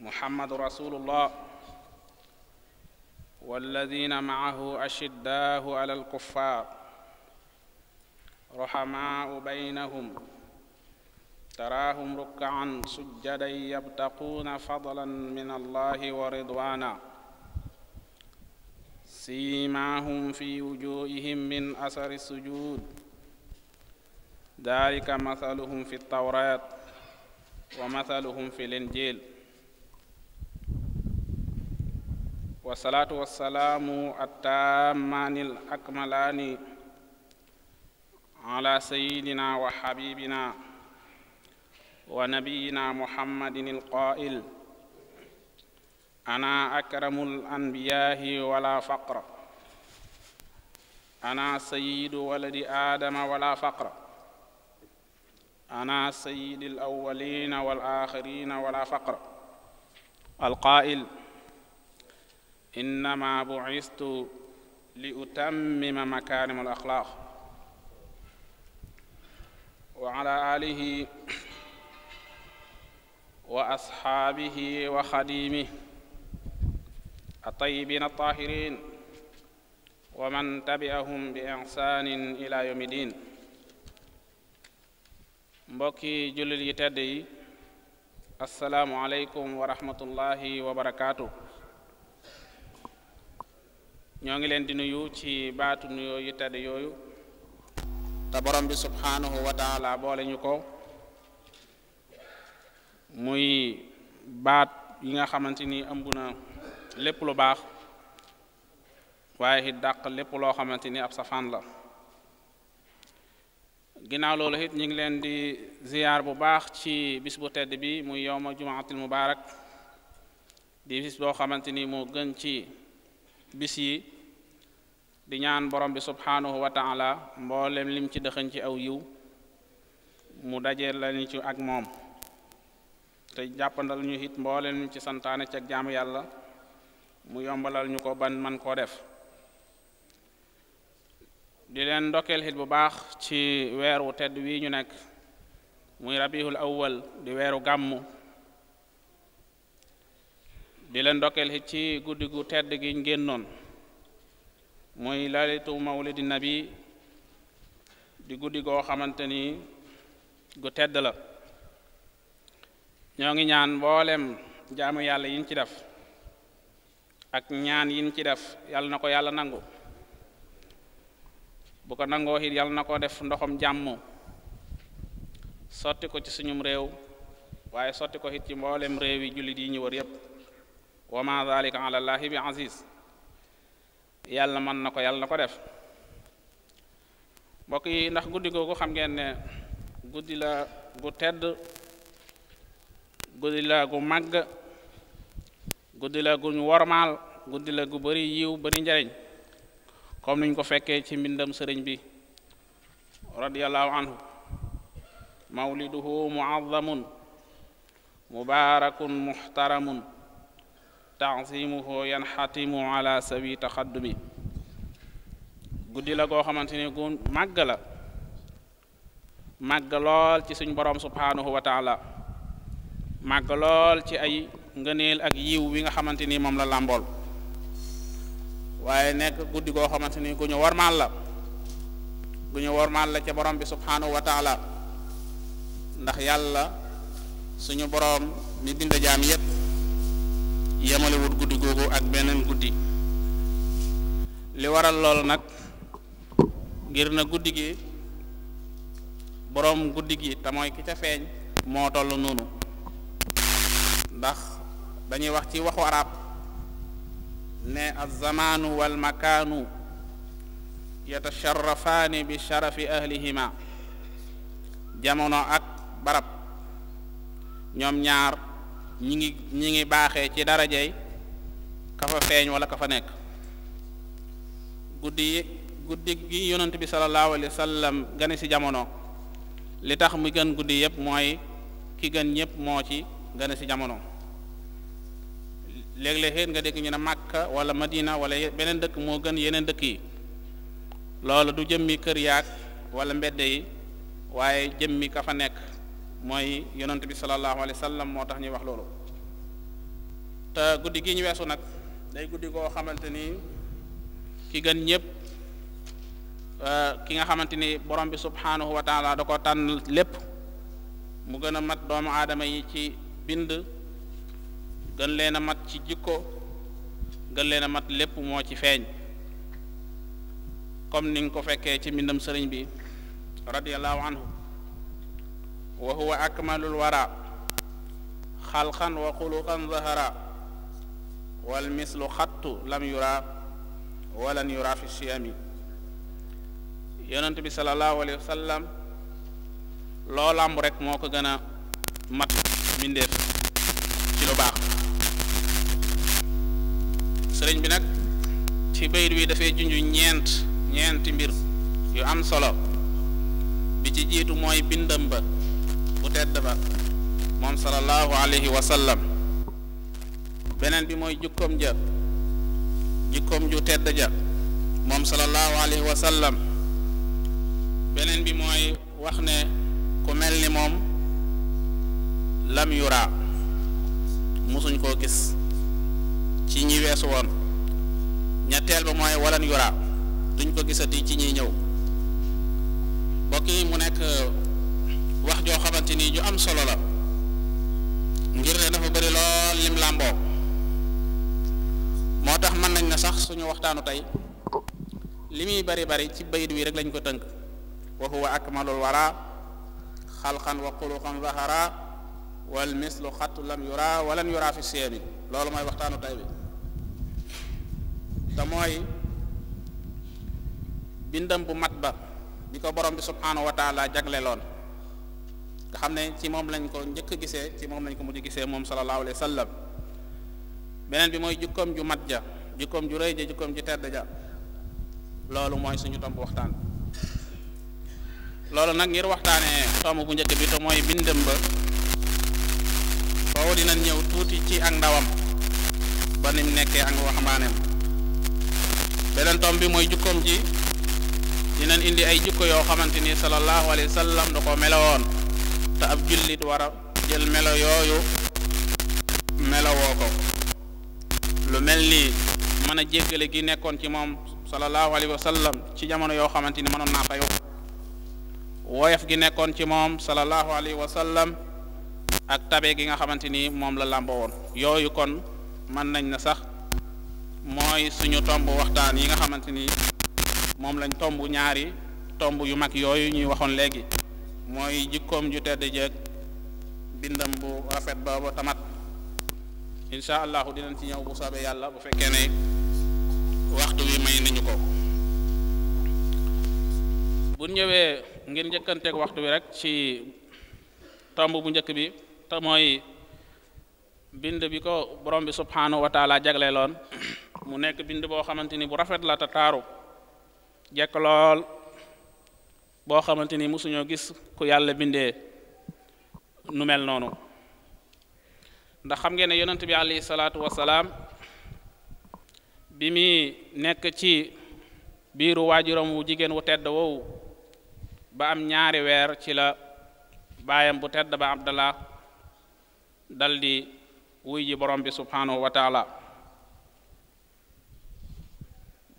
محمد رسول الله والذين معه أشداء على الكفار رحماء بينهم تراهم ركعا سجدا يبتقون فضلا من الله ورضوانا سيماهم في وجوههم من أثر السجود ذلك مثلهم في التوراة ومثلهم في الإنجيل wasalaatu wasalaamu attaamaani l akmalaani ala sayidina wa xabibina wa nabiyina muhammadin alqaa'il ana akramu lanbiyaahi wala faqra ana sayidu waladi aadama wala faqra ana sayidi alawalina walaxirina wala faqra alqaa'il innama bu'istu li utammima makaarimal axlaaq wa ala alihi wa asxaabihi wa xadiimihi atayibiin ataahiriin wa man tabi'ahum bi ihsaanin ila yawmi diin mbokki jullit yi tedd yi asalaamu aleykum wa rahmatullahi wa barakaatu ñoo ngi leen di nuyu ci baatu nuyoo yu tedd yooyu te borom bi subhaanahu wa boole ñu ko muy baat yi nga xamante ni ëmb na lépp lu baax waaye it daq lépp loo xamante ni ab safaan la ginnaaw loolu it ñu ngi leen di ziyaar bu baax ci bis bu tedd bi muy yowma jumaatil mubaarak di bis boo xamante ni moo gën ci bis yi di ñaan borom bi subhaanahu wa taala mboolem lim ci dëxëñ ci aw yiw mu dajee lañu ci ak moom te jàppandal ñu it mboolem lim ci santaane ci ak jaamu yàlla mu yombalal ñu ko ban man koo def di leen ndokkeel xit bu baax ci weer wu tedd wii ñu nekk muy rabiul awwal di weeru gàmmu di leen ndokkeel xit ci guddi gu tedd gi ñu génnoon mooy laylatu mawlidi nabi di guddi goo xamante ni gu tedd la ñoo ngi ñaan mboolem jaamu yàlla yin ci def ak ñaan yin ci def yàlla na ko yàlla nangu bu ko nangoo it yàlla na ko def ndoxam jàmm sotti ko ci suñum réew waaye sotti ko it ci mboolem réew yi jullit yi ñu wër yépp wa ma zalika ala bi aziz yàlla mën na ko yàlla na ko def mbokk yi ndax guddi googu xam ngeen ne guddi la gu tedd guddi la gu màgg guddi la gu wormaal guddi la gu bari yiw bari njariñ comme niñ ko fekkee ci mbindam sëriñ bi radiyallahu anhu mawliduhu muazzamun mubaarakun muhtaramun taasimuhu yanxatimu ala sawi bi guddi la goo xamante ni gu màgg la màgg lool ci suñ borom subhaanahu wa màgg lool ci ay ngëneel ak yiw wi nga xamante ni moom la làmbool waaye nekk guddi goo xamante ni gu ñu warmaal la gu ñu warmaal la ca boroom bi subhaanahu wa ndax yàlla suñu borom mi bind jaam yépp yemalewut guddi googu ak beneen guddi li waral loolu nag ngir na guddi gi boroom guddi gi te mooy ki ca feeñ moo toll noonu ndax dañuy wax ci waxu arab ne alzamaanu wal makaanu yatasharrafaani bi sharafi ahlihima jamono ak barab ñoom ñaar ñi ngi ñi ngi baaxee ci darajey ka fa feeñ wala ka fa nekk guddi yi guddi gi yonent bi sallallahu alayhi wa sallam gane ci jamono li tax mu gën guddi yëpp mooy ki gën ñépp moo ci gane si jamono léeg-léeg xéet nga dégg ñu ne Màkka wala Madina wala beneen dëkk moo gën yeneen dëkk yi loolu du jëmmi kër yaag wala mbedd yi waaye jëmmi ka fa nekk mooy yonent bi sallallahu alayhi wa sallam moo tax ñuy wax loolu te guddi giñ weesu nag day guddi koo xamante ni ki gën ñëpp euh, ki nga xamante ni borom bi subhaanahu wa da ko tànn lépp mu gën a mat doomu aadama yi ci bind gën leen mat ci jikko gën leen mat lépp moo ci feeñ comme niñ ko fekkee ci mbindam sëriñ bi radiyallahu anhu wa huwa akmalul wara xalqan wa xuluqan zahara wal mislu xattu lam yura walan yura fi siyami yonent bi salallaahu alayhi wa sallam loo lamb rek moo ko gën a mat mbindeef ci lu baax sëriñ bi nag ci bayit wi dafay junj ñeent ñeenti mbir yu am solo bi ci jiitu mooy bindam ba bu tedd ba moom sallallahu alayhi wa sallam beneen bi mooy jukkoom ja jukkoom ju tedd ja moom sallallahu alayhi wa sallam beneen bi mooy wax ne ku mel ni moom lam yuraa mosuñ koo gis ci ñi weesu woon ñetteel ba mooy walan yuraa duñ ko gisati ci ñiy ñëw mbokk mu nekk wax joo xamante ni ju am solo la ngir ne dafa bëri lool lim làmboo moo tax mën nañ na sax suñu waxtaanu tey li muy bari bari ci bayit wi rek lañ ko tënk wa huwa akmalul wara xalqan wa xuluqan zahara wal mislu xattu lam yura walan yura fi siyami loolu mooy waxtaanu tey bi te bindam bu mat ba bi ko borom bi subhaanahu jagleloon nga xam ne ci moom lañ ko njëkk gisee ci moom lañ ko mujj gisee moom sallallahu alayhi wa sallam beneen bi mooy jukkoom ju mat ja jukkoom ju rëy ja jukkoom ju tedd ja loolu mooy suñu tomb waxtaan loolu nag ngir waxtaanee tomb bu njëkk bi te mooy bindam ba foofu dinañ ñëw tuuti ci ak ndawam ba nim nekkee ak waxamaaneem beneen tomb bi mooy jukkoom ji dinañ indi ay jukko yoo xamante ni sallallahu alayhi wa sallam da ko melawoon te ab jullit wara jël melo yooyu melowoo ko lu mel nii mën a jéggale gi nekkoon ci moom sallallahu alayhi wa ci jamono yoo xamante ni mënoon naa fayu woyof gi nekkoon ci moom sallallahu alayhi wa sallam ak tabe gi nga xamante ni moom la làmbo woon yooyu kon mën nañ na sax mooy suñu tomb waxtaan yi nga xamante ni moom lañ tomb ñaari tomb yu mag yooyu ñuy waxoon léegi mooy jikkoom ju tedd jeeg bindam bu rafet booba tamat incha allahu dinañ ci ñëw bu soobee yàlla bu fekkee ne waxtu wi may nañu ko bu ñëwee ngir njëkkanteeg waxtu wi rek ci tomb bu njëkk bi te mooy bind bi ko borom bi subhaanahu wa taala mu nekk bind boo xamante ni bu rafet la te taaru jekk lool boo xamante ni mosuñoo gis ku yàlla bindee nu mel noonu ndax xam ngeen ne yonent bi alayhi salaatu wasalaam bi muy nekk ci biiru waajuram wu jigéen wu tedd woowu ba am ñaari weer ci la baayam bu tedd ba abdallah daldi wuy ji borom bi subhanahu wa taala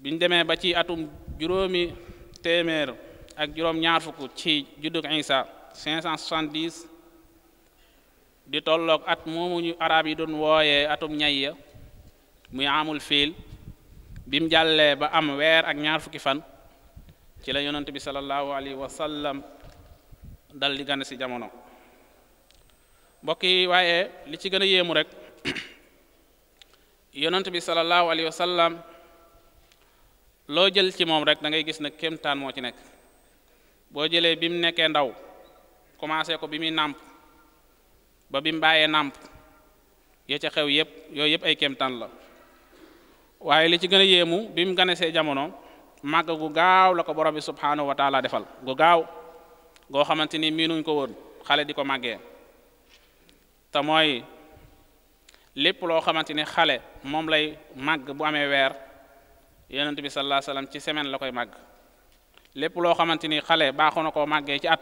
biñ demee ba ci atum juróomi téeméer ak juróom-ñaar fukk ci juddug Isa 570 di tolloog at moomu ñu arab yi doon wooyee atum ñay ya muy amul fiil bi mu jàllee ba am weer ak ñaar fukki fan ci la yonent bi sallallahu alayhi wa sallam dal di gane ci jamono mbokk yi waaye li ci gën a yéemu rek yonent bi sallallahu alayhi wa sallam loo jël ci moom rek da ngay gis ne kéemtaan moo ci nekk boo jëlee bi mu nekkee ndaw commencé ko bi muy nàmp ba bi bàyyee nàmp ya ca xew yépp yooyu yépp ay kéemtaan la waaye li ci gën a yéemu bi mu ganesee jamono màgg gu gaaw la ko borom bi subhaanahu wa taala defal gu gaaw goo xamante ni miinuñ ko woon xale di ko màggee te mooy lépp loo xamante ni xale moom lay màgg bu amee weer yonent bi sallallahu alayhi ci semaine la koy màgg lépp loo xamante ni xale baaxoo na koo màggee ci at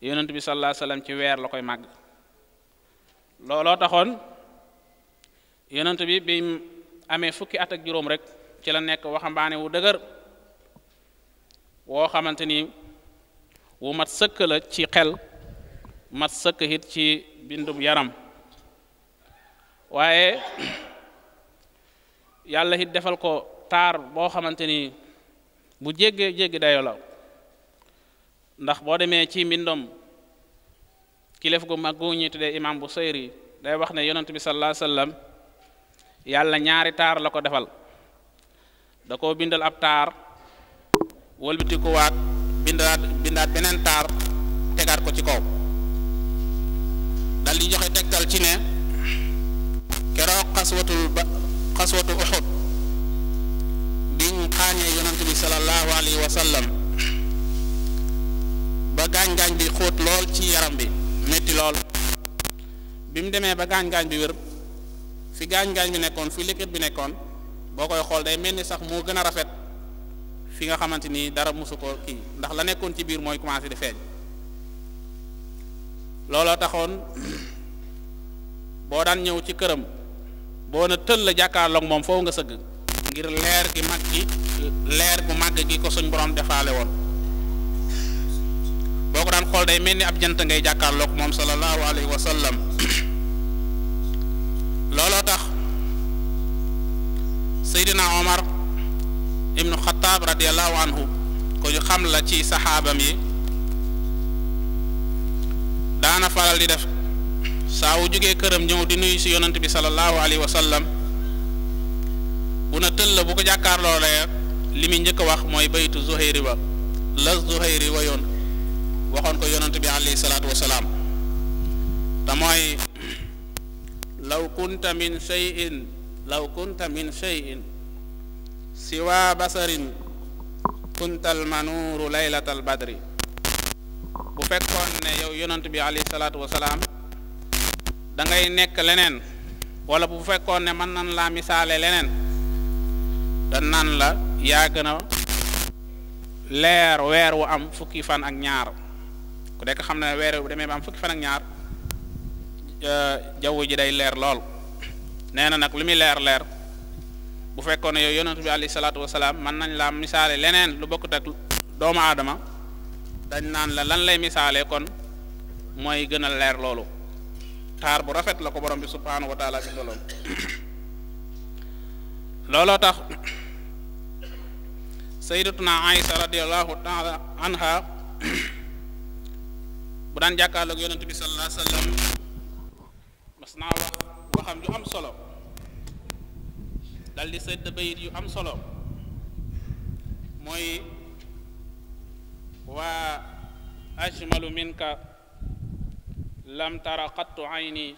yonent bi sallallahu alayhi ci weer la koy màgg looloo taxoon yonent bi bi amee fukki at ak juróom rek ci la nekk waxambaane wu dëgër woo xamante ni wu mat sëkk la ci xel mat sëkk ci bindum yaram waaye yàlla it defal ko taar boo xamante ni bu jéggee jéggi dayoo la ndax boo demee ci mbindom kilif gu mag gu ñuy tuddee imam day wax ne yonent bi sallallahu alayhi wasallam yàlla ñaari taar la ko defal da ko bindal ab taar wëlbatikuwaat bindaat bindaat beneen taar tegaat ko ci kaw dal di joxe tegtal ci ne keroog xaswatul ba xaswatu Uhud gaañee yonent bi sallallahu alayhi wa sallam ba gaañ-gaañ bi xóot lool ci yaram bi métti lool bi mu demee ba gaañ bi wér fi gaañ-gaañ bi nekkoon fi liquide bi nekkoon boo koy xool day mel ni sax moo gën a rafet fi nga xamante ni dara mosu ko kii ndax la nekkoon ci biir mooy commencé di feeñ looloo taxoon boo daan ñëw ci këram boo na tëll la jàkkaarloog moom foofu nga sëgg ngir leer gi mag gi leer bu màgg gi ko suñ borom defaale woon boo ko daan xool day mel ni ab jant ngay jàkkaarloog moom sallallahu alayhi wa sallam looloo tax Seydina Omar ibnu Xataab radiallahu anhu ko ñu xam la ci saxaabam yi daana faral di def saa wu jógee këram ñëw di nuyu si yonant bi sallallahu alayhi wa bu na tëll bu ko jàkkaarloo li muy njëkk a wax mooy baytu zuhayri ba la zuhayri wayoon waxoon ko yonent bi alayhi salaatu wasalaam te mooy law kunta min shay'in law kunta min shay'in siwa basarin kuntal badri bu fekkoon ne yow yonent bi alayhi salaatu wasalaam da ngay nekk leneen wala bu fekkoon ne mën nan laa misaale leneen da nan la yaa gën a leer weer wu am fukki fan ak ñaar ku nekk xam ne weer wu demee ba am fukki fan ak ñaar euh, jaww ji day leer lool nee na nag lu muy leer leer bu fekkoon ne yow yonent bi alayhi salaatu wasalaam mën nañ laa misaale leneen lu bokkut ak doomu aadama dañ naan la lan lay misaale kon mooy gën a leer loolu taar bu rafet la ko boroom bi subhaanahu wa taala bindaloon looloo tax sayyidatuna Aïsa radiyallahu taala anha bu daan jàkkaarloog yonent bi sallallahu alayhi wa sallam mas naa wax waxam ju am solo dal di sëdd bayit yu am solo mooy waa ajmalu minka lam tara qattu ayni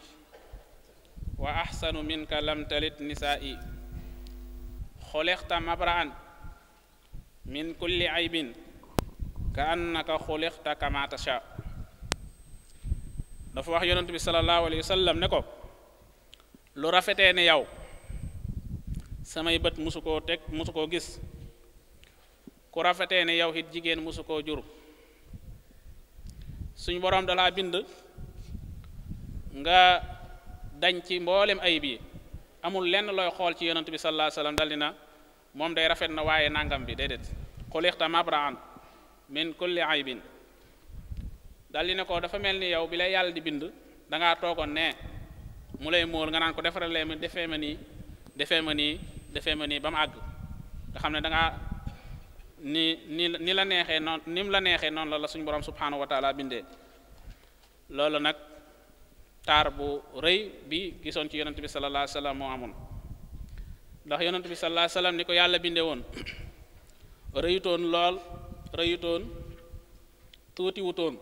wa axsanu minka lam talit nisaai xolexta mabraan min kulli aybin ka annaka xuliqta kama tasha dafa wax yonent bi sallallahu alayhi wa sallam ne ko lu rafetee ne yow samay bët musu koo teg musu koo gis ku rafetee ne yow it jigéen musu koo jur suñ boroom dalaa bind nga dañ ci mboolem ayib yi amul lenn looy xool ci yonent bi sallallahu alayhi wa daldi na moom day rafet na waaye nangam bi déedéet xuliqta mabraan min kulli aybin dal di ne ko dafa mel ni yow bi lay yàlla di bind dangaa toogoon ne mu lay móol nga naan ko defaral lee ma defee ma nii defee ma nii defee ma nii ba mu àgg nga xam ne dangaa ni ni ni la neexee noon ni mu la neexee noonu la la suñu borom subhanahu wa taala bindee loolu nag taar bu rëy bi gisoon ci yonent bi sallallahu alayhi wa sallam ndax yonent bi sallallahu alayhi ni ko yàlla binde woon rëyutoon lool rëyutoon tuuti wutoon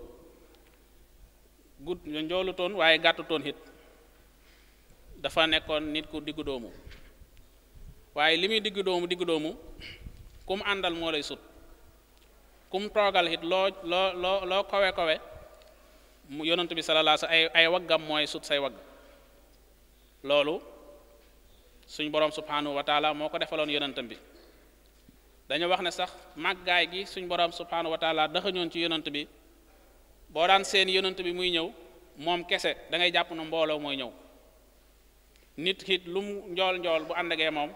gudd njoolutoon waaye gàttutoon it dafa nekkoon nit ku diggu doomu waaye li muy diggu doomu diggu doomu kum àndal moo lay sut kum toogal it loo loo loo loo kowe kowe mu yonent bi sallallahu alayhi wasallam ay ay waggam mooy sut say wagg loolu suñ borom subhanahu wa taala moo ko defaloon yonentam bi dañu wax ne sax màggaay gi suñ borom subhanahu wa taala daxañoon ci yonent bi boo daan seen yonant bi muy ñëw moom kese da ngay jàpp mbooloo mooy ñëw nit ki lu njool njool bu ànd moom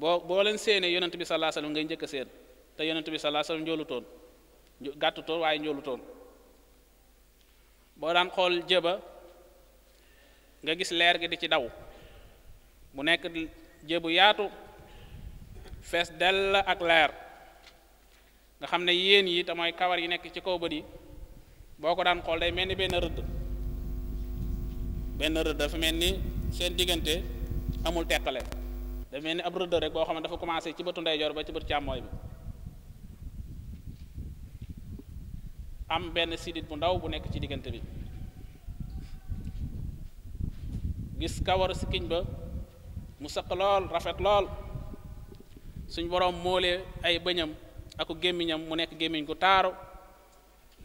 boo boo leen séenee yonent bi sallallahu alayhi ngay njëkk a séen te yonent bi sallallahu alayhi wasallam njoolutoon gàttutoon waaye njoolutoon boo daan xool jëba nga gis leer gi di ci daw bu nekk bu yaatu fees dell ak leer nga xam ne yéen yi te mooy kawar yi nekk ci kaw bët yi boo ko daan xool day mel ni benn rëdd benn rëdd dafa mel ni seen diggante amul teqale dafa mel ni ab rëdd rek boo xam ne dafa commencé ci bëtu ndeyjoor ba ci bët càmmooy bi am benn sidit bu ndaw bu nekk ci diggante bi gis kawar sikkiñ ba mu saq lool rafet lool suñ boroom moolee ay bëñam aku gémmiñam mu nekk gémmiñ gu taaru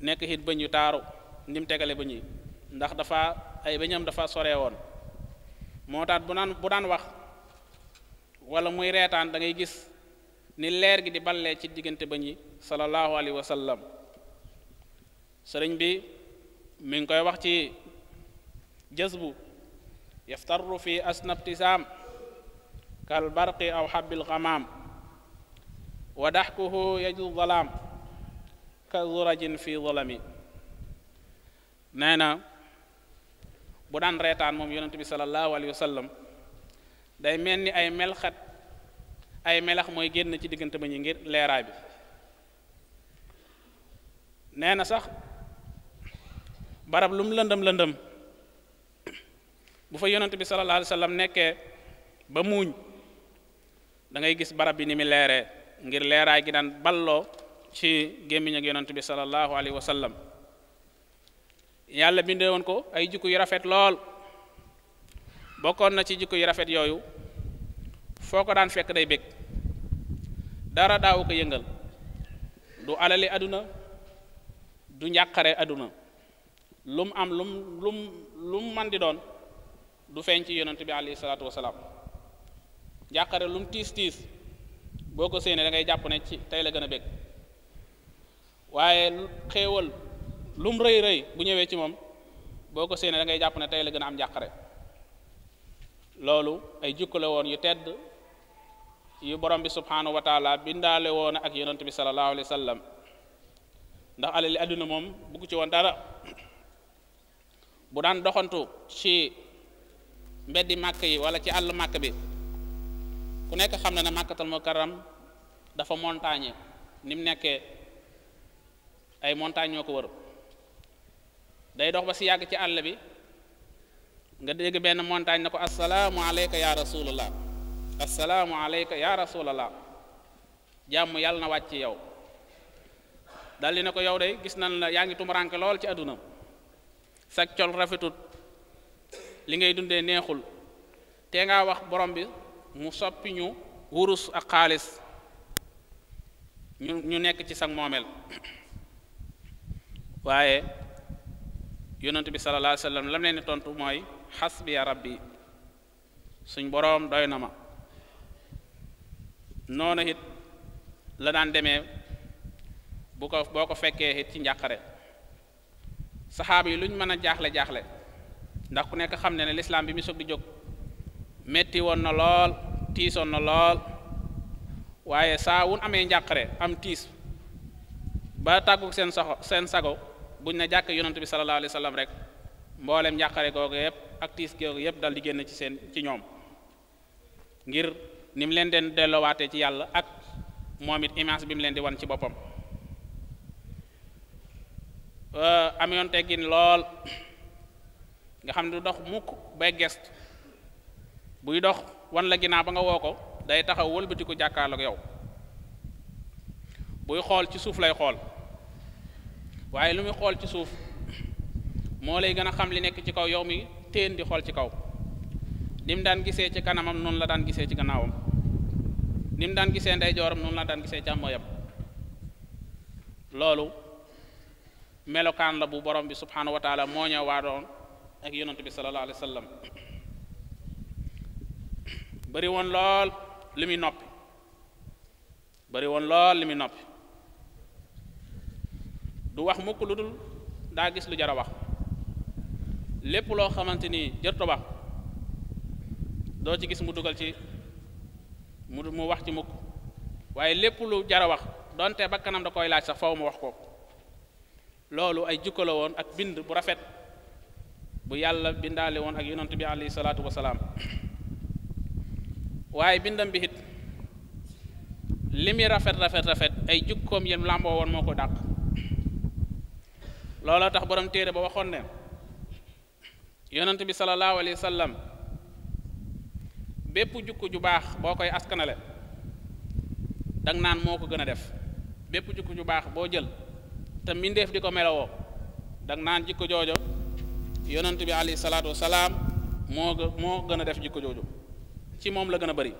nekk it bëñ yu taaru ni mu tegale bëñ yi ndax dafa ay bëñam dafa sore woon moo tax bu naan bu daan wax wala muy reetaan da ngay gis ni leer gi di ballee ci diggante bëñ yi sallallahu alayhi wa sallam bi mi ngi koy wax ci jasbu bu fi asnabtisaam كالبرق أو حب الغمام ودحكه يجل الظلام كذرج في ظلم nee na bu daan reetaan moom yonent bi sallallahu alayhi wa sallam day mel ni ay melxat ay melax mooy génn ci diggante ba ñu ngir leeraay bi nee na sax barab lu mu lëndëm lëndëm bu fa yonent bi sallallahu alayhi wa sallam nekkee ba muuñ da ngay gis barab bi ni mu leere ngir leeraay gi daan balloo ci gémmiñ ak bi sallallahu alayhi wa sallam yàlla bindee woon ko ay jikko yu rafet lool bokkoon na ci jikko yu rafet yooyu foo ko daan fekk day bég dara daawu ko yëngal du alale àdduna du njàqare àdduna lum am lum lum lum man di doon du feeñ ci yonent bi alayhi salaatu wasalaam njàqare lu mu tiis tiis boo ko séenee dangay jàpp ne ci tey la gën a bég waaye xéewal lu rëy rëy bu ñëwee ci moom boo ko séenee da ngay jàpp ne tey la gën a am jàqare loolu ay jikko la woon yu tedd yu borom bi subhanahu wa taala bindaale woon ak yonent bi sallallahu alayhi wa sallam ndax alali àdduna moom bugg ci woon dara bu daan doxantu ci mbeddi màkk yi wala ci àll màkk bi ku nekk xam na ne màkkatal mukarram dafa montagne ni mu nekkee ay montagne ñoo ko wër day dox ba si yàgg ci àll bi nga dégg benn montagne na ko assalaamu aleyka ya rasulallah assalaamu aleyka ya rasulallah jàmm yàlla na wàcc yow dal di ne ko yow de gis na la yaa ngi tumuranke lool ci àdduna sag col rafetut li ngay dundee neexul te ngaa wax borom bi mu soppi ñu wurus ak xaalis ñu ñu nekk ci sag moomeel waaye yonent bi sallallahu alayhi wa sallam lam leen di tontu mooy yarab bi suñ boroom doy na ma noonu it la daan demee bu ko boo ko fekkee it ci njàqare saxaab yi luñ mën a jaaxle jaaxle ndax ku nekk xam ne ne lislaam bi mu soog di jóg metti woon na lool tiisoon na lool waaye saa amee njàqare am tiis ba tàgguk seen saxo seen sago buñ ne jàkk yonent bi sallallahu alayhi wa rek mboolem njàqare googu yëpp ak tiis googu yëpp dal di génn ci seen ci ñoom ngir ni mu leen den delloowaatee ci yàlla ak moom it image bi mu leen di wan ci boppam ameyoon teggin lool nga xam ne du dox mukk bay gest buy dox wan la ginnaaw ba nga woo ko day taxaw wëlbatiku jàkkaarloog yow buy xool ci suuf lay xool waaye lu muy xool ci suuf moo lay gën a xam li nekk ci kaw yow mi téen di xool ci kaw ni daan gisee ci kanamam noonu la daan gisee ci gannaawam ni daan gisee ndeyjooram noonu la daan gisee càmmooyam loolu melokaan la bu borom bi subhaanahu wa taala moo ñëw waadoon ak yonent bi sallallahu alayhi wa sallam bariwoon lool li muy noppi bariwoon lool li muy noppi du wax mukk lu dul daa gis lu jar a lépp loo xamante ni jërto wax doo ci gis mu dugal ci mu mu wax ci mukk waaye lépp lu jar a wax donte bakkanam da koy laaj sax faw mu wax ko loolu ay jikko woon ak bind bu rafet bu yàlla bindaale woon ak yonent bi alayhi salaatu wasalaam waaye bindam bi it li muy rafet rafet rafet ay jukkoom yem làmboo woon moo ko dàq looloo tax borom téere ba waxoon ne yonent bi salallaahu alayhi wa sallam bépp jukko ju baax boo koy askanale dang naan moo ko gën a def bépp jukko ju baax boo jël te mbindeef di ko melowoo dang naan jikko joojo yonent bi alayhi salaatu wasalaam moo moo gën a def jikko joojo ci moom la gën a bari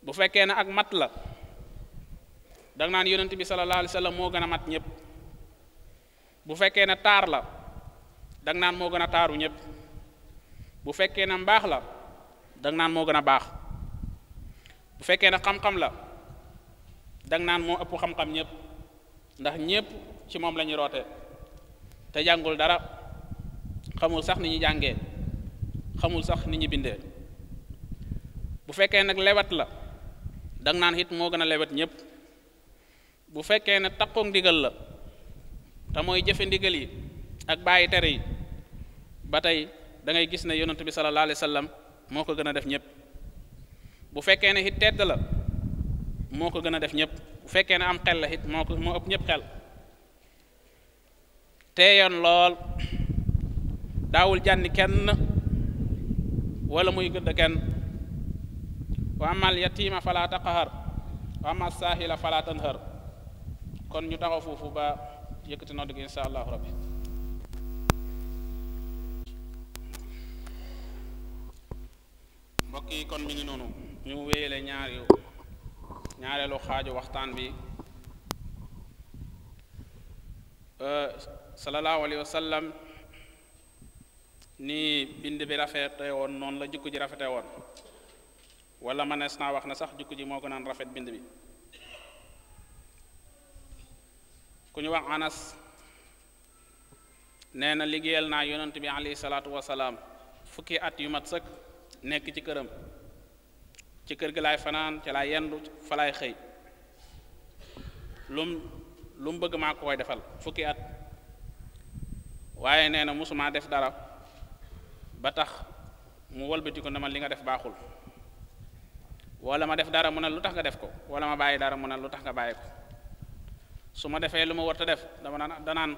bu fekkee ne ak mat la danga naan yonent bi sallallahu alayhi wa moo gën a mat ñëpp bu fekkee ne taar la danga naan moo gën a taaru ñëpp bu fekkee na mbaax la danga naan moo gën a baax bu fekkee ne xam-xam la danga naan moo ëpp xam-xam ñëpp ndax ñépp ci moom lañuy roote te jàngul dara xamul sax ni ñu jànge xamul sax ni ñu bindee bu fekkee nag lewet la da nga naan it moo gën a lewet ñépp bu fekkee ne takkoog ndigal la te mooy jëfe ndigal yi ak bàyyi tere yi ba tey dangay gis ne yonent bi sallallahu alayhi wa moo ko gën a def ñëpp bu fekkee ne it la moo ko gën a def ñëpp bu fekkee ne am xel la it moo ko moo ëpp ñëpp xel teeyoon lool daawul jànni kenn wala muy gëdd kenn wa amal yatiima fala taqhar wa amal saahila fala tanhar kon ñu taxaw foofu ba yëkkati nodd gi insha allahu rabbi mbokk yi kon mi ngi noonu ñu wéyale ñaari ñaareelu xaaju waxtaan bi sallallahu alayhi wa ni bind bi rafete woon noonu la jikko ji rafete woon wala manees naa wax na sax jikko ji moo ko naan rafet bind bi ku ñu wax anas nee na liggéeyal naa yonent bi alayhi salaatu wasalaam fukki at yu mat sëkk nekk ci këram ci kër gi laay fanaan ci laay yendu fa laay xëy lum lu bëgg maa ko koy defal fukki at waaye nee na mosumaa def dara ba tax mu wëlbati ko ne ma li nga def baaxul wala ma def dara mu na lu tax nga def ko wala ma bàyyi dara mu ne lu tax nga bàyyi ko su ma defee lu ma a def dama danaan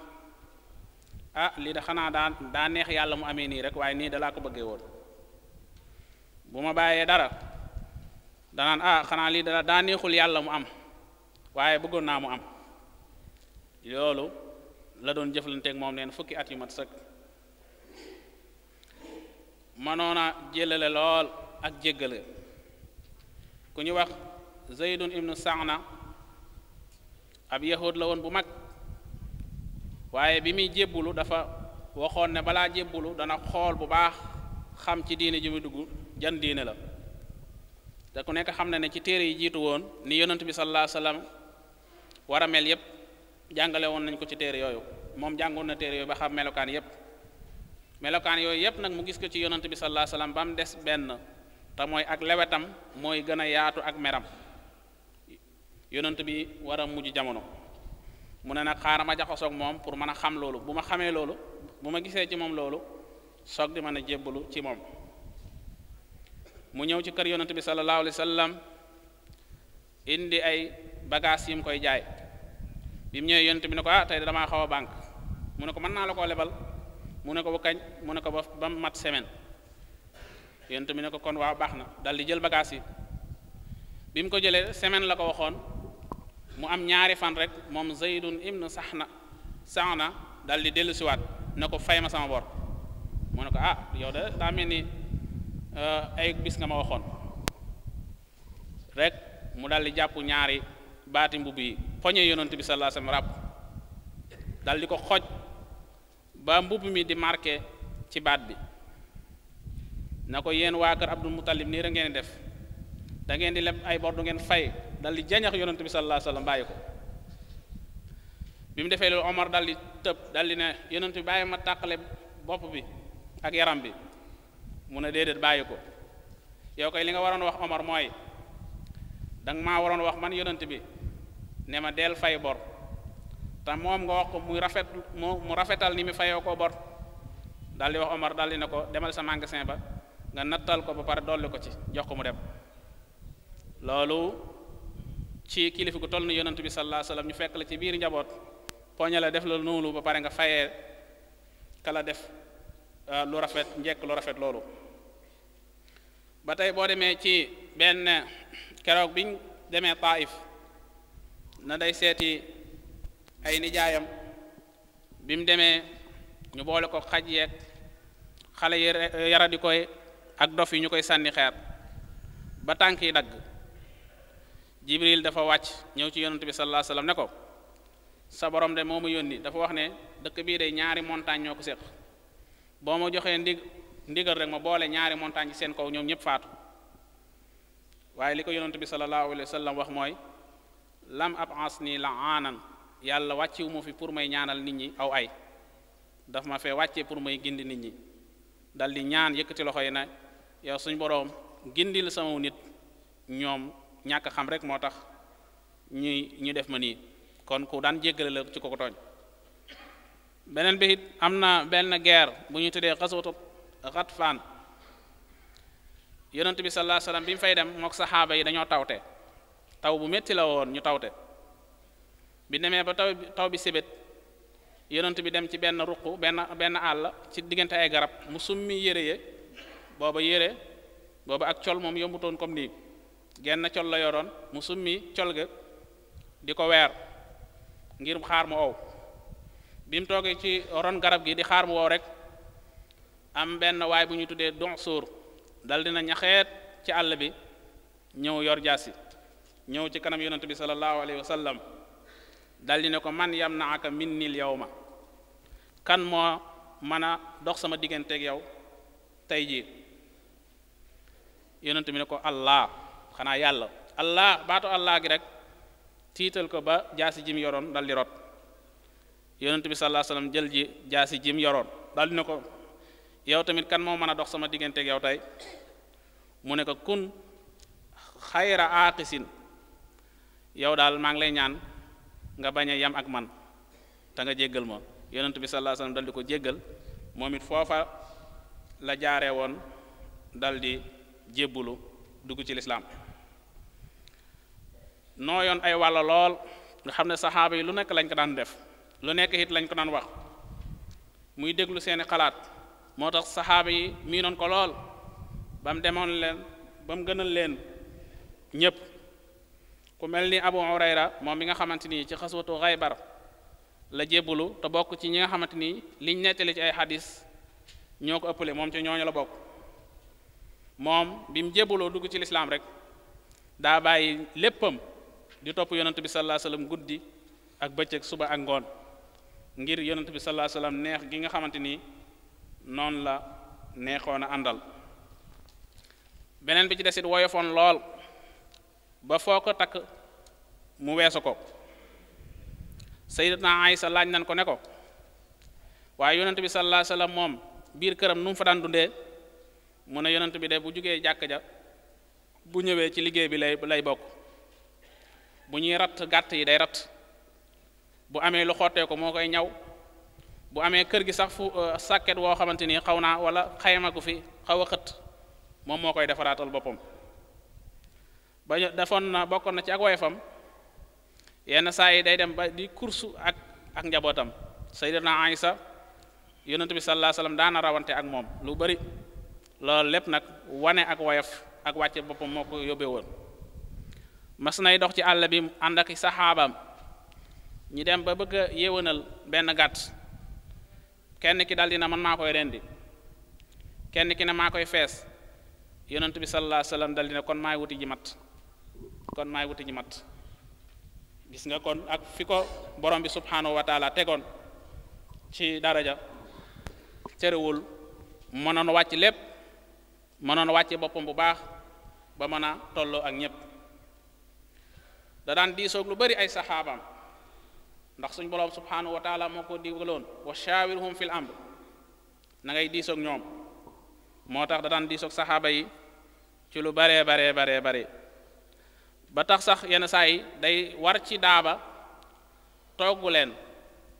ah lii de xanaa daa daa neex yàlla mu amee nii rek waaye nii dalaa ko bëggee woon bu ma bàyyee dara danaan ah, xanaa lii dala daa neexul yàlla mu am waaye bëggoon naa mu am loolu la doon jëflanteeg moom neen fukki at yu mat sëkk mënoon a jëlale lool ak jéggale ku ñu wax zeydun ibnu sana ab yahud la woon bu mag waaye bi muy jébbulu dafa waxoon ne balaa jébbulu dana xool bu baax xam ci diine ji muy dugg jan diine la te ku nekk xam na ne ci téere yi jiitu woon ni yonent bi sallallahu alayhi wasallam war a mel yépp jàngale woon nañ ko ci téere yooyu moom jàngoon na téere yooyu ba xam melokaan yépp melokaan yooyu yépp nag mu gis ko ci yonent bi sallallahu alayhi wasallam ba des benn te mooy ak lewetam mooy gën a yaatu ak meram yonant bi war a mujj jamono mu ne nag xaaral ma jaxasoog moom pour mën a xam loolu bu ma xamee loolu bu ma gisee ci moom loolu soog di mën a jébbalu ci moom mu ñëw ci kër yonent bi sallallahu alayhi wa sallam indi ay bagages yi koy jaay bi mu ñëwee yonent bi ne ko ah tey damaa xaw a banque mu ne ko mën naa la koo lebal mu ne ko bu kañ mu ne ko ba ba mat semaine yonent bi ne ko kon waaw baax na dal di jël bagage yi bi mu ko jëlee semaine la ko waxoon mu am ñaari fan rek moom zaydun sax na saxna dal di dellu siwaat ne ko fay ma sama bor mu ne ko ah yow de daa mel ni euh, ay bis nga ma waxoon rek mu dal di jàpp ñaari baati mbubb yi poñe yonent bi sallallahu alayhi wa sallam ràpp di ko xoj ba mbubb mi di marqué ci baat bi na ko yéen waa kër Abdul Muttalib nii rek ngeen def da ngeen di leb ay bor du ngeen fay dal di jañax yonent bi sallallahu alayhi bàyyi ko bi mu defee loolu Omar dal di tëb dal ne yonent bi bàyyi ma tàqale bopp bi ak yaram bi mu ne déedéet bàyyi ko yow kay li nga waroon wax Omar mooy danga ma waroon wax man yonant bi ne ma del fay bor te moom nga wax ko muy rafet mu rafetal ni mu fayoo ko bor dal di wax Omar dal di ne ko demal sa magasin ba nga nattal ko ba pare dolli ko ci jox ko mu dem loolu ci kilifa gu toll ni yonent bi sallallahu alayhi ñu fekk la ci biir njaboot poñale def la noonu ba pare nga fayee kala def euh, lu rafet njekk lu rafet loolu ba tey boo demee ci benn keroog biñ demee Taif na day seeti ay nijaayam bi mu demee ñu boole ko xaj yeeg xale yara di koy ak dof yi ñu koy sànni xeer ba tànk yi dagg jibril dafa wàcc ñëw ci yonent bi sallallahu alayhi wasallam sa borom de moo ma yónni dafa wax ne dëkk bii de ñaari montagne ñoo ko séq boo ma joxee ndig ndigal rek ma boole ñaari montagne ci seen kaw ñoom ñëpp faatu waaye li ko yonent bi sallallahu alayhi wasallam wax mooy lam ab ans nii la aanan yàlla wàcciwu fi pour may ñaanal nit ñi aw ay dafa ma fee wàccee pour may gindi nit ñi dal di ñaan yëkkati loxo yi na yow suñ boroom gindil sama nit ñoom ñàkk xam rek moo tax ñuy ñu def ma nii kon ku daan jéggale la ci koko beneen bi am na benn guerre bu ñu tuddee xaswatu xatfaan yonent bi sallallahu alayhi bi fay dem mook saxaaba yi dañoo tawte taw bu metti la woon ñu tawte bi demee ba taw bi sébét yonent bi dem ci benn ruq benn benn àll ci diggante ay garab mu summi yére ye booba yére booba ak col moom yombutoon comme nii genn col la yoroon mu summi col ga di ko weer ngir xaar mu ow bi mu toogee ci ron garab gi di xaar mu wow rek am benn waay bu ñu tuddee donc sóor daldi dina ñaxeet ci àll bi ñëw yor jaasi ñëw ci kanam yonent bi sallallahu alayhi wa sallam dal ne ko man yam naaka min nil yow ma kan moo mën a dox sama digganteeg yow tey ji yonent bi ne ko allah xanaa yàlla allah baatu allah gi rek tiital ko ba jaasi jim yoroon dal di rot yonent bi sallallahu jël ji jaasi jim yoroon daldi di ne ko yow tamit kan moo mën a dox sama digganteeg yow tey mu ne ko kun xayra aaqisin yow daal maa ngi lay ñaan nga bañ a yam ak man te nga jéggal ma yonent bi sallallahu alayhi wasallam dal di ko jéggal moom it foofa la jaare woon dal di jébbulu dugg ci lislaam nooyoon ay wàlla lool nga xam ne saxaaba yi lu nekk lañ ko daan def lu nekk it lañ ko daan wax muy déglu seeni xalaat moo tax saxaaba yi miinoon ko lool ba mu demoon leen ba gënal leen ñépp ku mel ni Abu Hurayra moom mi nga xamante ni ci xaswatu Xaybar la jébbalu te bokk ci ñi nga xamante ni liñ nettali ci ay xadis ñoo ko ëppale moom ci ñooñu la bokk moom bi mu jébbaloo dugg ci lislaam rek daa bàyyi léppam di topp yonent bi sallallahu alayhi wasallam guddi ak bëccëg suba ak ngoon ngir yonent bi sallallahu neex gi nga xamante ni noonu la neexoon a àndal beneen bi ci desit woyofoon lool ba foo ko takk mu weesu ko sayyidatna Aysa laaj nan ko ne ko waaye yonent bi sallallahu alayhi wasallam moom biir këram nu mu fa daan dundee mu ne yonent bi de bu jugee jàkk ja bu ñëwee ci liggéey bi lay lay bokk bu ñuy ratt gàtt yi day ratt bu amee lu xottee ko moo koy ñaw bu amee kër gi sax fu euh, sàkket woo xamante ni xaw naa wala xayma ko fi xaw a xët moom moo koy defaraatal boppam ba defoon naa bokkoon na ci ak woyefam yenn saa yi day dem ba di kursu ak ak njabootam sayyidina Aysa yonent bi sallallahu alayhi wasallam daana rawante ak moom lu bari loolu lépp nag wane ak woyof ak wàcc boppam moo ko yóbbee woon mas nay dox ci àll bi ànd ak saxaabaam ñi dem ba bëgg a benn gàtt kenn ki daldi na man maa koy rendi kenn ki ne maa koy fees yonent bi sallallahu alayhi wasallam daldi na kon maay wuti ji mat kon maay wuti ji mat gis nga kon ak fiko ko borom bi subhanahu wa taala tegoon ci daraja terewul mënoon wàcc lépp mënoon wàccee boppam bu baax ba mën a tolloo ak ñépp da daan diisoog lu bari ay saxaabam ndax suñ borom subhanahu wa taala moo ko digaloon wa shaawirhum fil amr na ñoom moo tax da daan diisoog saxaaba yi ci lu baree baree baree bare ba tax sax yenn saa yi day war ci daaba togg leen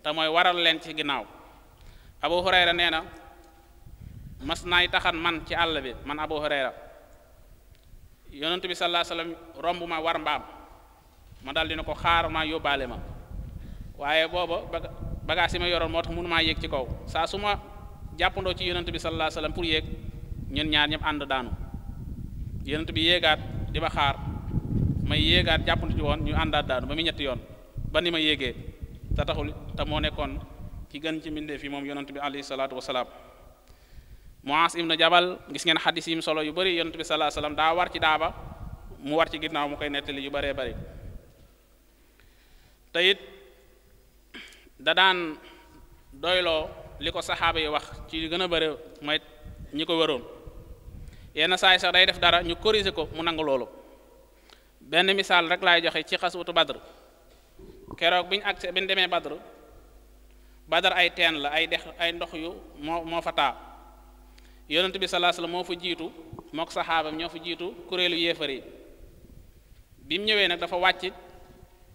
te mooy waral leen ci ginnaaw abu hurayra nee na mas naay taxan man ci àll bi man abu hurayra yonentu bi sallallahu alayhi wasallam romb ma war mbaam ma dal dina ko xaar ma yóbbaale ma waaye booba bagaas yi ma yoroon moo tax mënu maa yéeg ci kaw saa su ma jàppandoo ci yonent bi sallallahu alayhi wasallam pour yéeg ñun ñaar ñëpp ànd daanu yonent bi yéegaat di ba xaar may yéegaat jàppandu ci woon ñu àndaat daanu ba muy ñetti yoon ba ni ma yéegee te taxul te moo nekkoon ci gën ci mbindeef yi moom yonent bi alayhi salaatu wasalaam Muaas na Jabal gis ngeen xadis yi mu solo yu bëri yonent bi salaa salaam daa war ci daaba mu war ci ginnaaw mu koy nettali yu bëree bëri te da daan doyloo li ko saxaaba yi wax ci li gën a bëri mooy ñi ko wëroon yenn saa yi sax day def dara ñu corriger ko mu nangu loolu benn misaal rek lay joxe ci xaswatu badr keroog bi ñu agsi bi ñu demee badr badar ay teen la ay dex ay ndox yu moo moo fa taa yonent bi sallallahu alayhi wasallam moo fa jiitu mook saxaabam ñoo fa jiitu kuréelu yéefar bi mu ñëwee nag dafa wàcc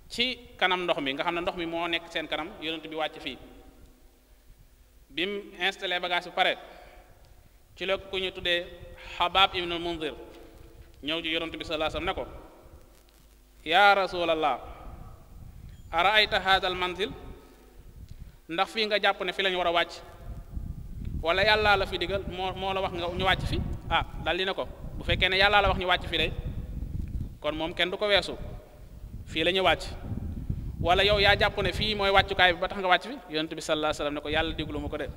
ci kanam ndox mi nga xam ne ndox mi moo nekk seen kanam yonent bi wàcc fii bi mu installé bagage bi pare ci la ku ñu tuddee Habab ibn Munzir ñëw ci yonent bi sallallahu alayhi wasallam ne ko yaa rasulallah araayta haadal manzil ndax fii nga jàpp ne fi lañu war a wàcc wala yàllaa la fi digal moo moo la wax nga ñu wàcc fi a ah, dal di ne ko bu fekkee ne yàllaa la wax ñu wàcc fi de kon moom kenn du ko weesu fii la ñu wàcc wala yow yaa jàpp ne fii mooy wàccukaay bi ba tax nga wàcc fi yonent bi sallallahu alayhi ne ko yàlla diglu ma ko de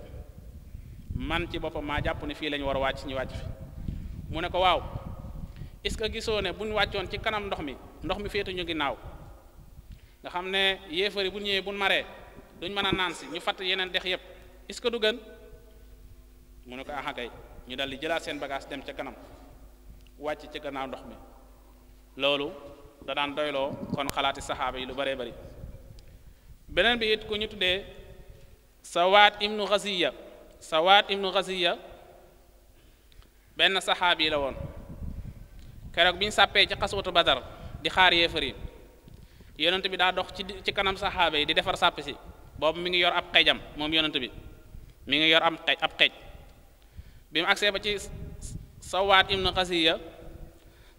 man ci boppam maa jàpp ne fii la war a wàcc ñu wàcc fi mu ne ko waaw est-ce que gisoo ne bu ñu wàccoon ci kanam ndox mi ndox mi féetu ñu ginnaaw nga xam ne yéefar bu ñëwee bu maree duñ mën a naan si ñu fatt yeneen dex yépp est-ce que du gën mu ne ko aha kay ñu dal di jëlaat seen bagage dem ca kanam wàcc ci gannaaw ndox mi loolu da daan doyloo kon xalaati saxaab yi lu bëree bari beneen bi it ku ñu tuddee sawaat ibnu xasiya sawaat ibnu xasiya benn saxaabi la woon keroog bi ñu sàppee ci xaswatu badar di xaar yéefar yi yonent bi daa dox ci ci kanam saxaaba yi di defar sàpp si boobu mi ngi yor ab xejam moom yonent bi mi ngi yor am ab xej bi mu agsee ba ci sawaat ibnu xasiya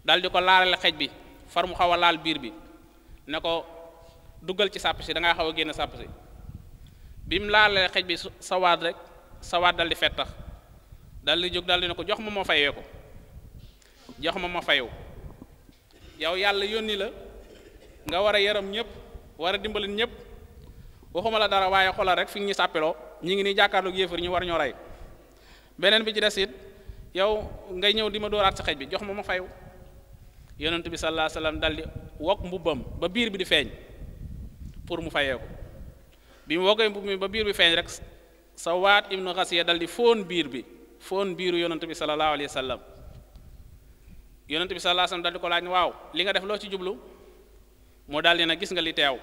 dal di ko laalale xej bi far mu xaw a laal biir bi ne ko duggal ci sàpp si da ngaa xaw a génn sàpp si bi mu laalalee xej bi sawaat rek sawaat dal di fettax dal di jóg dal di ko jox ma moo fayee ko jox ma ma fayu yow yàlla yónni la nga war a yaram ñëpp war a dimbali ñëpp waxuma la dara waaye xoolal rek fi ñu sàppiloo ñi ngi ni jàkkaarloog yéefar ñu war ñoo rey beneen bi ci des it yow ngay ñëw di ma dóoraat sa xej bi jox ma ma fayu yonent bi sallallahu alayhi wasallam wokk mbubbam ba biir bi di feeñ pour mu fayee ko bi mu wokkee mbubb mi ba biir bi feeñ rek Sawaat ibnu Xasiya dal di fóon biir bi fóon biiru yonent bi sallallahu alayhi yonent bi sallallahu alayhi wasallam daal ko laaj waaw li nga def loo ci jublu moo daal di na gis nga li teew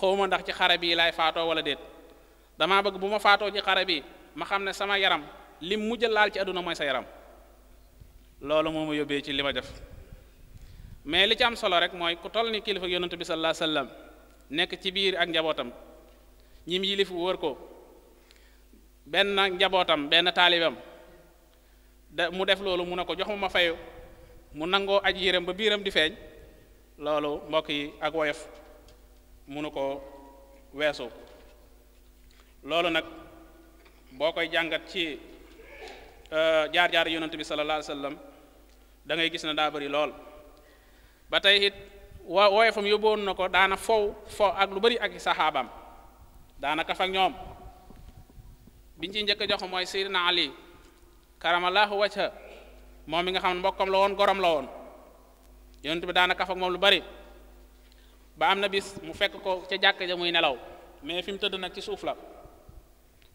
xawma ndax ci xare bii laay faatoo wala déet damaa bëgg bu ma faatoo ci xare bi ma xam ne sama yaram lim mujj laal ci àdduna mooy sa yaram loolu moo ma yóbbee ci li ma def mais li ci am solo rek mooy ku toll ni kilifa yonent bi sallallahu alayhi wasallam nekk ci biir ak njabootam ñim yilif wër ko benn njabootam benn taalibam de mu def loolu mu ne ko jox ma ma fayu mu nangoo aj yéram ba biiram di feeñ loolu mbokk yi ak woyof munu ko weesu loolu nag boo koy jàngat ci euh, jaar-jaar yonent bi sallallahu alayhi wasallam da gis na daa bëri lool ba tey it wa woyofam yóbboon ko daana fow ak lu bëri ak saxaabaam daana ñoom biñ ci njëkk jox mooy Seydina Ali karamallahu wajha moom bi nga xam ne mbokkam la woon gorom la woon yonent bi daana kaf ak moom lu bari ba am na bis mu fekk ko ca jàkk ja muy nelaw mais fi mu tëdd nag ci suuf la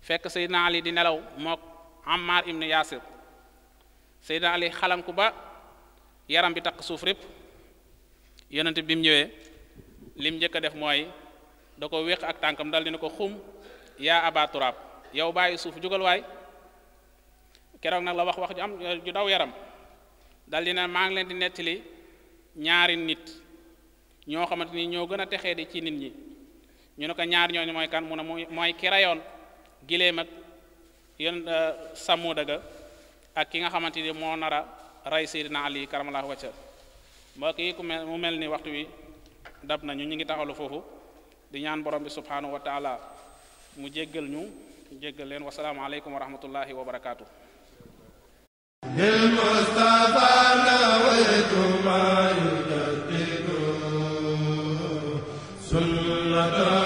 fekk Seydina Ali di nelaw mook Ammar ibn Yasir Seydina Ali xalanku ba yaram bi takk suuf répp yonent bi mu ñëwee lim njëkk a def mooy da ko wéq ak tànkam dal dina ko xum yaa aba turaab yow bàyyi suuf jógal waay keroog nag la wax wax ju am ju daw yaram dal di ne maa ngi leen di nettali ñaari nit ñoo xamante ni ñoo gën a texee di ci nit ñi ñu ne ko ñaar ñooñu mooy kan mu ne mooy ki rayoon giléem ak yén euh, ak ki nga xamante ni moo nara a rey Seydina Ali karamallahu wacca mbokk ku mel mu mel ni waxtu wi dab nañu ñu ngi taxalu foofu di ñaan borom bi subhanahu wa mu jéggal ñu jéggal leen wasalaamaaleykum wa rahmatullahi wa barakaatu للمصطفى